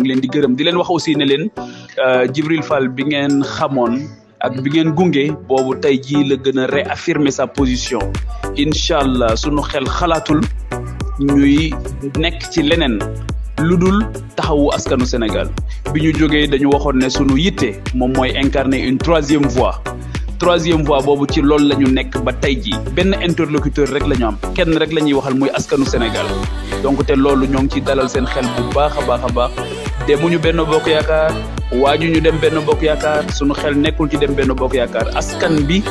ngi leen di gërëm di leen wax aussi ne leen euh, Djibril Fall bi ngeen xamoon ak bi ngeen gunge boobu tey jii la gën a réaffirmer sa position incha allah sunu xel xalaatul ñuy nekk ci leneen lu dul taxawu askanu Sénégal bi ñu jógee dañu waxoon ne sunu yitte moom mooy incarner une troisième voie troisième voie boobu ci loolu la ñu nekk ba tey jii benn interlocuteur rek la ñu am kenn rek la ñuy waxal muy askanu Sénégal donc te loolu ñoo ci dalal seen xel bu baax a baax baax demuñu benn bokk yaakaar waajuñu dem benn bokk yaakaar sunu xel nekkul ci dem benn bokk yaakaar askan bi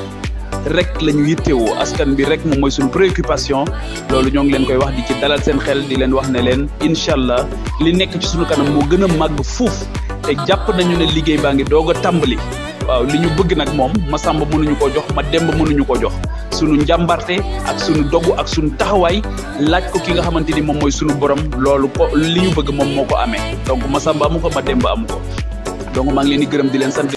rek lañu ñu askan bi rek moom mooy suñu préoccupation loolu ñoo ngi leen koy wax di ci dalal seen xel di leen wax ne leen incha allah li nekk ci suñu kanam moo gën a màgg fuuf te jàpp nañu ne liggéey baa ngi doog a tàmbali waaw li ñu bëgg nag moom ma sàmb mënuñu ko jox ma demb mënuñu ko jox sunu njàmbarte ak sunu dogu ak sunu taxawaay laaj ko ki nga xamante ni moom mooy sunu borom loolu ko li ñu bëgg moom moo ko amee donc Masamba amu ko Mademba amu ko donc maa ngi leen di gërëm di leen sant.